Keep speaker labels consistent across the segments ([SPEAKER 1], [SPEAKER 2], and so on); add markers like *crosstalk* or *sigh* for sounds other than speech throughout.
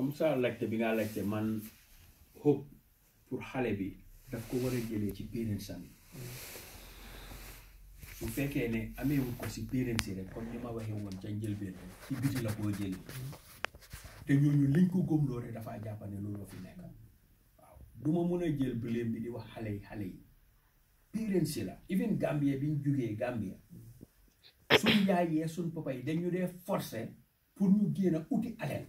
[SPEAKER 1] comme sa laajte bi nga laajte man hope pour xale bi daf ko war a jëlee ci parents am su fekkee ne ameewul ko si parents yi rek comme ni ma waxe woon ca njëlbeen ci biti la koo jëlee te ñooñu liñ ko góomloo rek dafaa jàpp ne loolu fi nekk waaw du ma mun a jël blame bi di wax xale yi xale yi parents yi la even Gambia bi ñu jugee Gambia suñ yaayee suñ papa yi dañu dee force pour ñu génn uti alal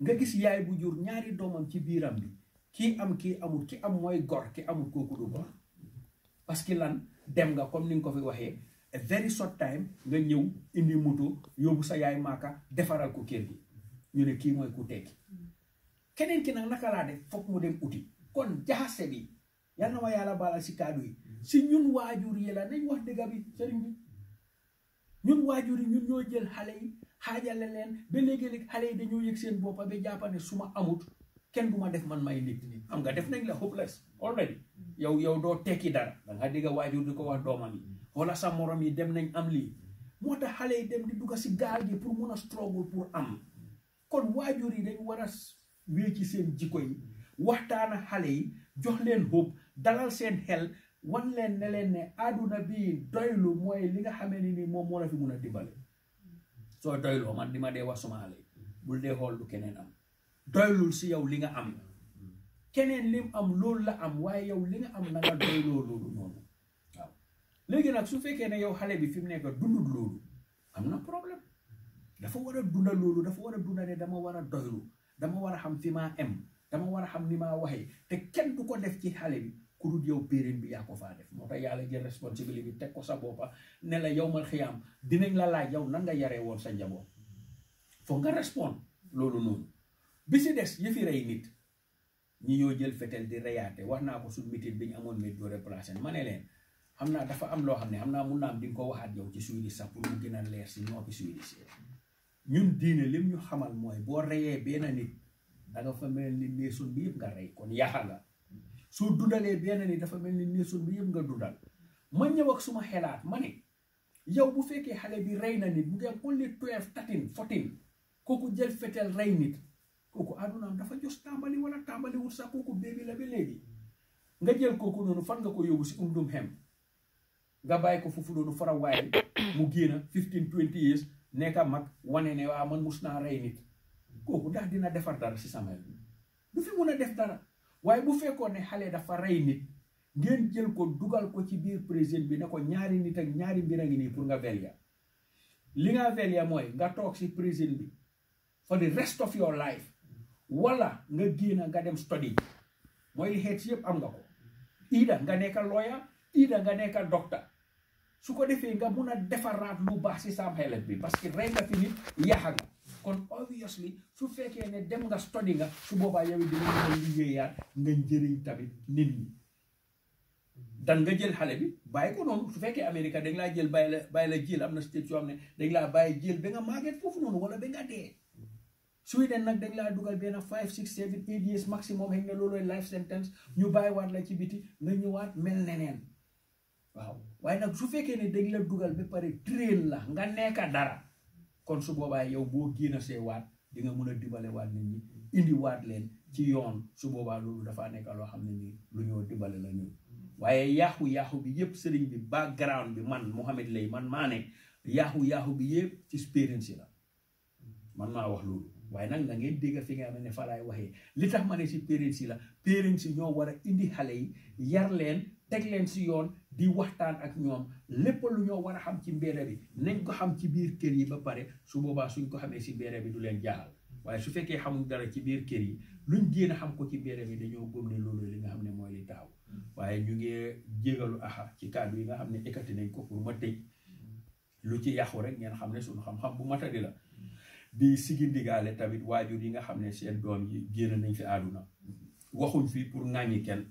[SPEAKER 1] nga gis yaay bu jur ñaari doomam ci biiram bi kii am kii amul ki am mooy gor ki amul kooku du gor parce que lan dem nga comme ni nga ko fi waxee a very short time nga ñëw indi moto yóbbu sa yaay maaka defaral ko kër gi ñu ne kii mooy ku tekki keneen ki nag naka laa def foog mu dem uti kon jaxase bi yal na ma yàlla baalal si kàddu yi si ñun waajur yi la nañ wax dëgg bi sëriñ bi ñun waajur yi ñun ñoo jël xale yi xaajale leen ba léegi-léegi xale yi dañoo yëg seen boppa ba jàppane su ma amut kenn du ma def man may nit nii xam nga def nañ la hopeless already yow yow doo tekki dara danga dégga waajur di ko wax doomam yi wala sa morom yi dem nañ am lii moo tax xale yi dem di dugg si gaal gi pour mun a pour am kon waajur yi dañ war a wéy ci seen jikko yi waxtaan ak xale yi jox leen hope dalal seen xel wan leen ne leen ne àdduna bi doylu mooy li nga xamee ni nii moom moo la fi mun a dimbale soo doyloo man di ma dee wax suma xale bul keneen am doylul si yow li nga am keneen lim am loolu la am waaye yow li nga am na nga doyloo loolu noonu nag su fekkee ne yow xale bi fi mu nekk dundut loolu am na problème dafa war a dunda loolu dafa war a dunda ne dama war a doylu dama war a xam fi maa em dama war a xam ni maa waxee te kenn du ko def ci xale bi ku yow périm bi yaa fa def mo tax yàlla jël responsabilité tek ko sa bopa ne la yow mal xiyaam dinañ la laaj yow nan nga yare won sa njaboot fo nga respond loolu non bi si des yëfi ray nit ñi yo jël fetel di reyaate waxna ko sun mitit biñ amone amoon mit doo replacé ma amna dafa am lo xam amna mu naa mun ko waxat yow ci suy sa pour mu gëna leer ci ñoo bi suy ci ñun diine lim ñu xamal moy bo rayé ben nit da nga fa mel ni bi nga ray kon soo dundalee benn ni dafa mel ni néesoon bi yëpp nga dundal ma ñëw ak suma xelaat ma ne yow bu fekkee xale bi rey na nit bu ngeen only twelve thirteen kooku jël fetel rey nit kooku àddunaam dafa jos tàmbali wala tàmbaliwul sax kooku béebi la ba léegi nga jël kooku noonu fan nga ko yóbbu si umdum xem nga bàyyi ko foofu noonu fara waaye *coughs* mu génn fifteen twenty years nekka mag wane ne waa man mus naa rey nit kooku ndax dina defar dara si sama du fi mun a def dara waaye bu fekkoon ne xale dafa rey nit ngeen jël ko dugal ko ci biir présine bi ne ko ñaari nit ak ñaari mbir a ngi nii pour nga velya li nga velya mooy nga toog si président bi for the rest of your life wala nga génn nga dem study mooy li xeet yëpp am nga ko ida nga nekka loya ida nga nekka docteur su ko defee nga mun a defaraat lu baax si sam xelet bi parce que rey nga fi nit yaxa nga kon obviously su fekkee ne dem nga study nga su boobaa yow dina mën a liggéeyaat nga njëriñ tamit nit ñi dan nga jël xale bi bàyyi ko noonu su fekkee Amérique dañ laa jël bàyyi la bàyyi la jël am na state yoo xam ne dañ laa bàyyi jël ba nga màgget foofu noonu wala ba nga dee Sweden nag dañ laa dugal benn five six seven eight years maximum xëy na loolooy life sentence ñu bàyyiwaat la ci biti nga ñëwaat mel neneen waaw waaye nag su fekkee ne dañ la dugal ba pare train la nga nekka dara kon su boobaa yow boo génn see waat di nga mën a dimbale waat nit ñi indi waat leen ci yoon su boobaa loolu dafaa nekk loo xam ne nii lu ñoo dimbale la ñu waaye yaaxu yaaxu bi yëpp sëriñ bi background bi man mu Mohamed Lay man maa ne yaaxu yaaxu bi yëpp ci expérience la man maa wax loolu waaye nag na ngeen dégg fi nga xam ne fa laay waxee li tax ma ne si parents yi la parents yi ñoo war a indi xale yi yar leen teg leen si yoon li waxtaan ak ñoom lépp lu ñoo war a xam ci mbéere bi nañ ko xam ci biir kër yi ba pare su boobaa suñ ko xamee si mbéere bi du leen jaaxal waaye su fekkee xamul dara ci biir kër yi luñ génn xam ko ci mbéere bi dañoo gëm ne loolu li nga xam ne mooy li waaye ñu ngi jégalu ci kàddu yi nga xam ne ekkati nañ ko pour ma tëj lu ci yàqu rek ngeen xam ne suñu xam-xam bu matadi la di sigi ndigaale tamit waajur yi nga xam ne seen doom yi génn nañ fi àdduna waxuñ fii pour ŋàññi ken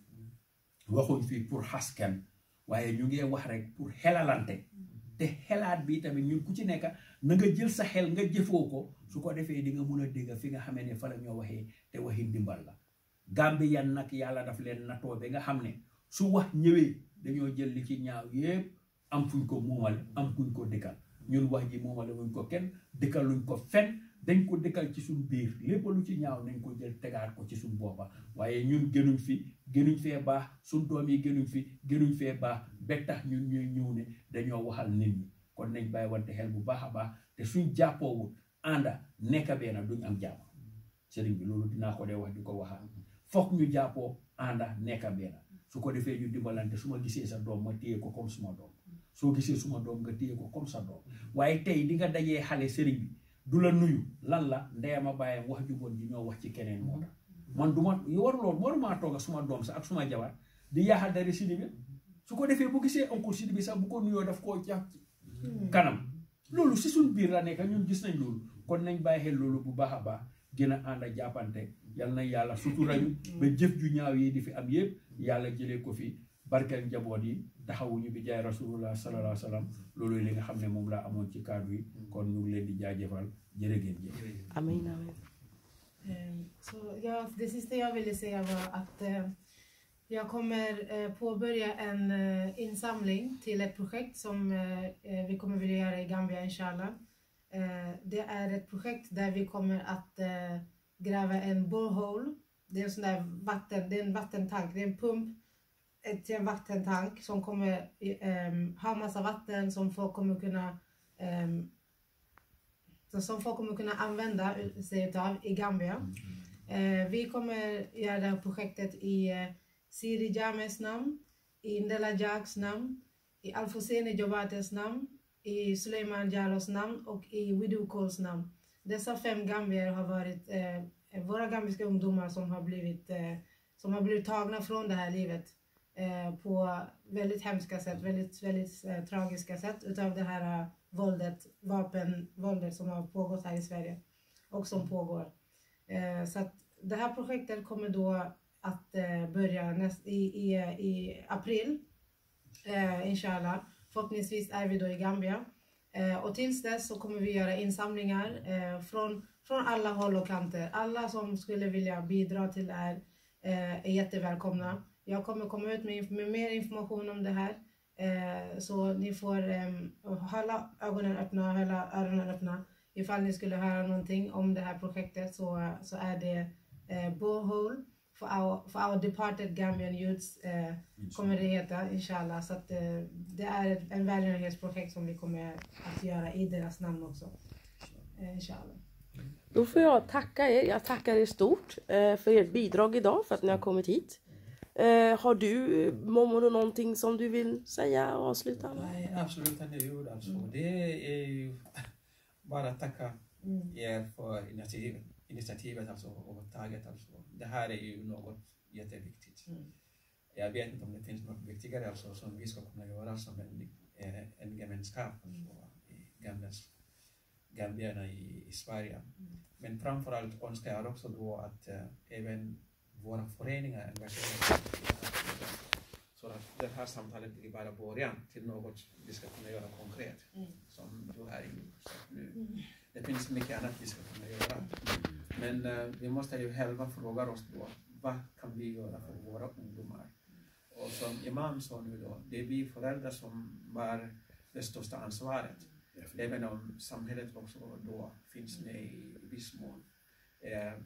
[SPEAKER 1] waxuñ fii pour xas kenn waaye ñu ngi wax rek pour xelalante te xelaat bi tamit ñun ku ci nekk na nga jël sa xel nga jëfoo ko su ko defee di nga mun a dégg fi nga xamee ne fa la ñoo waxee te waxi ndimbal la Gambian nag yàlla daf leen nattoo be nga xam ne su wax ñëwee dañoo jël li ci ñaaw yépp am fuñ ko moomal am kuñ ko dëkkal ñun wax ji moomale wuñ ko kenn dëkkaluñ ko fen dañ ko dëkkal ci suñ biir lépp lu ci ñaaw nañ ko jël tegaat ko ci suñ boppa waaye ñun gënuñ fi gënuñ fee baax suñ doom yi gënuñ fi gënuñ fee baax ba tax ñun ñuy dañoo waxal nit ñi kon nañ bàyyi wante xel bu baax a baax te suñ jàppoowul ànda nekk benn duñ am jàmm sëriñ bi loolu dinaa ko dee wax di ko waxaat foog ñu jàppoo ànda nekk benn su ko defee ñu dimbalante su ma gisee sa doom ma téye ko comme suma doom soo gisee suma doom nga téye ko comme sa doom waaye tey di nga dajee xale sëriñ bi du la nuyu lan la ndeyam a bàyyam wax ju bon ji ñoo wax ci keneen moo tax man du ma war loolu warumaa toog a suma doom sax ak suma jabar di yaaxal dari si bi su ko defee bu gisee encore si bi sax bu ko nuyoo daf koo jax kanam loolu si suñ biir la nekk ñun gis nañ loolu kon nañ bàyyi xel loolu bu baax a baax gën a ànd a jàppante yal na yàlla suturañu ba jëf ju ñaaw yi di fi am yëpp yàlla jëlee ko fi barkeel njaboot yi taxawuñu bi jaay rasulullah sallallahu alayhi wa loolu li nga xam ne moom laa amoon ci kàddu yi mm. kon ñu ngi leen di jaajëfal jërë ngeen jëf.
[SPEAKER 2] amiin amiin.
[SPEAKER 3] Um, Så jag, det sista jag ville säga var att eh, jag kommer eh, påbörja en eh, insamling till ett projekt som eh, eh, vi kommer vilja göra i Gambia, inshallah. Eh, det är ett projekt där vi kommer att gräva en borehole. Det är en sån där vatten, det är en vattentank, det är en pump till en vattentank som kommer um, ha massa vatten som folk kommer kunna um, som folk kommer kunna använda sig utav i Gambia. Uh, vi kommer göra det här projektet i uh, Siri James namn, i Ndela Jacks namn, i Alfosene Jobates namn, i Suleiman Jalos namn och i Widu Kols namn. Dessa fem gambier har varit uh, våra gambiska ungdomar som har blivit, som har blivit tagna från det här livet. Eh, på väldigt hemska sätt, väldigt, väldigt eh, tragiska sätt utav det här eh, våldet, vapenvåldet som har pågått här i Sverige och som pågår. Eh, så att det här projektet kommer då att eh, börja näst, i, i, i april, eh, inshallah. Förhoppningsvis är vi då i Gambia. Eh, och tills dess så kommer vi göra insamlingar från, från alla håll och kanter. Alla som skulle vilja bidra till det här är jättevälkomna. Jag kommer komma ut med, med mer information om det här. Eh, så ni får eh, hålla ögonen öppna, hålla öronen öppna. Ifall ni skulle höra någonting om det här projektet så, så är det eh, Borehole for our, for our departed Gambian youths eh, kommer det heta, inshallah. Så att, eh, det är ett, en välgörenhetsprojekt som vi kommer att göra i deras namn också. Eh, inshallah. Då får jag tacka er. Jag tackar er stort eh, för ert bidrag idag, för att ni har kommit hit. Eh, har du Momono någonting som du vill säga och avsluta med? Nej, absolut inte
[SPEAKER 2] alltså. Mm. Det är ju *laughs* bara att tacka mm. er för initiativet, initiativet alltså, och taget. Alltså. Det här är ju något jätteviktigt. Mm. Jag vet inte om det finns något viktigare alltså, som vi ska kunna göra som en, eh, en gemenskap mm. alltså, i Gambias, gambierna i, i Sverige. Mm. Men framförallt önskar jag också då att eh, även våra föreningar engagerar så att det här samtalet blir bara början till något vi ska kunna göra konkret mm. som du här
[SPEAKER 3] nu. Det finns mycket annat vi ska kunna
[SPEAKER 2] göra. Men uh, vi måste ju själva fråga oss då, vad kan vi göra för våra ungdomar? Och som Imam sa nu då, det är vi föräldrar som bär det största ansvaret. Även om samhället också då finns med i viss mån. Uh,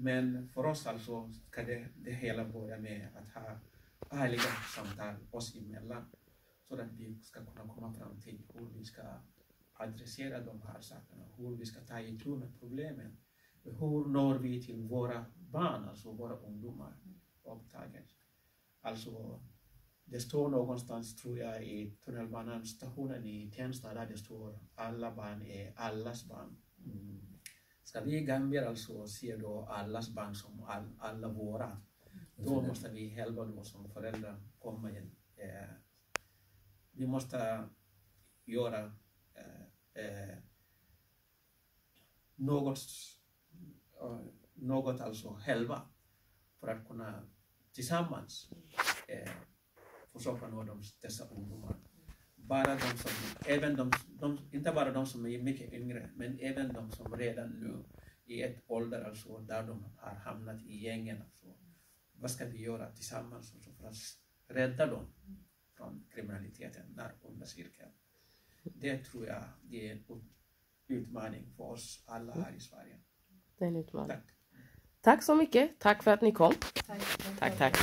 [SPEAKER 2] men för oss alltså ska det, det hela börja med att ha ärliga samtal oss emellan så att vi ska kunna komma fram till hur vi ska adressera de här sakerna, hur vi ska ta itu med problemen. Hur når vi till våra barn, alltså våra ungdomar överhuvudtaget? Alltså, det står någonstans, tror jag, i tunnelbanestationen i Tensta, där det står alla barn är allas barn. Mm. Ska vi gambier alltså se då allas barn som all, alla våra, mm. då måste vi själva då som föräldrar komma in. Eh, vi måste göra eh, eh något, eh, något alltså själva för att kunna tillsammans eh, försöka nå dessa ungdomar bara de som, även de, de, inte bara de som är mycket yngre, men även de som redan nu i ett ålder alltså, där de har hamnat i gängen. Alltså. Vad ska vi göra tillsammans alltså, för att rädda dem från kriminaliteten, när onda cirkeln? Det tror jag det är en utmaning för oss alla här i Sverige.
[SPEAKER 3] Det är en utmaning. Tack. Tack så mycket. Tack för att ni kom. tack. tack.
[SPEAKER 1] tack.